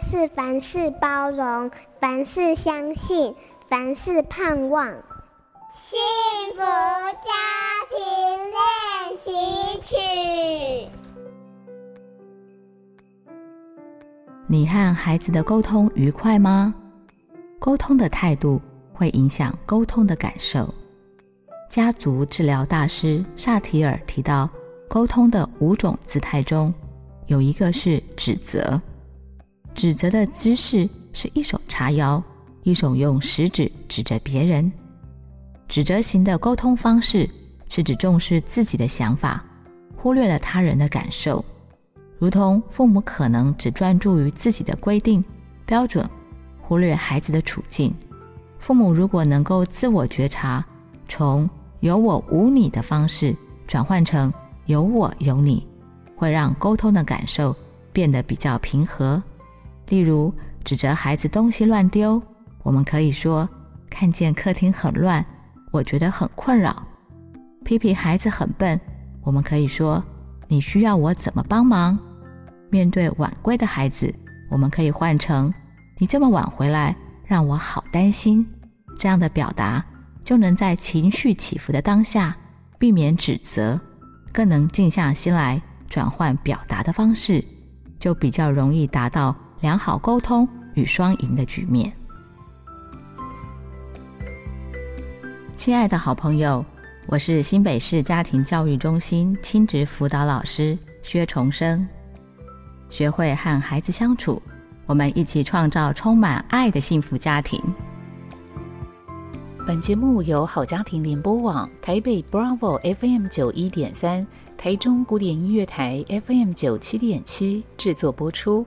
是凡事包容，凡事相信，凡事盼望。幸福家庭練習曲。你和孩子的溝通愉快嗎？溝通的態度會影響溝通的感受。家族治療大師薩提爾提到，溝通的五種姿態中有一個是指責。指責的姿勢是一手叉腰，一手用食指指着別人。指責型的溝通方式是指重視自己的想法，忽略了他人的感受。如同父母可能只專注於自己的規定標準，忽略孩子的處境。父母如果能夠自我覺察，從有我無你的方式轉換成有我有你，會讓溝通的感受變得比較平和。例如，指責孩子東西亂丟，我們可以說：“看見客廳很亂，我覺得很困擾。”批評孩子很笨，我們可以說：“你需要我怎麼幫忙？”面對晚歸的孩子，我們可以換成：“你這麼晚回來，讓我好擔心。”這樣的表達就能在情緒起伏的當下避免指責，更能靜下心來轉換表達的方式，就比較容易達到良好溝通與雙贏的局面。親愛的好朋友，我是新北市家庭教育中心親職輔導老師薛重生。學會和孩子相處，我們一起創造充滿愛的幸福家庭。本節目由好家庭聯播網、台北 Bravo FM 九一點三、台中古典音樂台 FM 九七點七製作播出。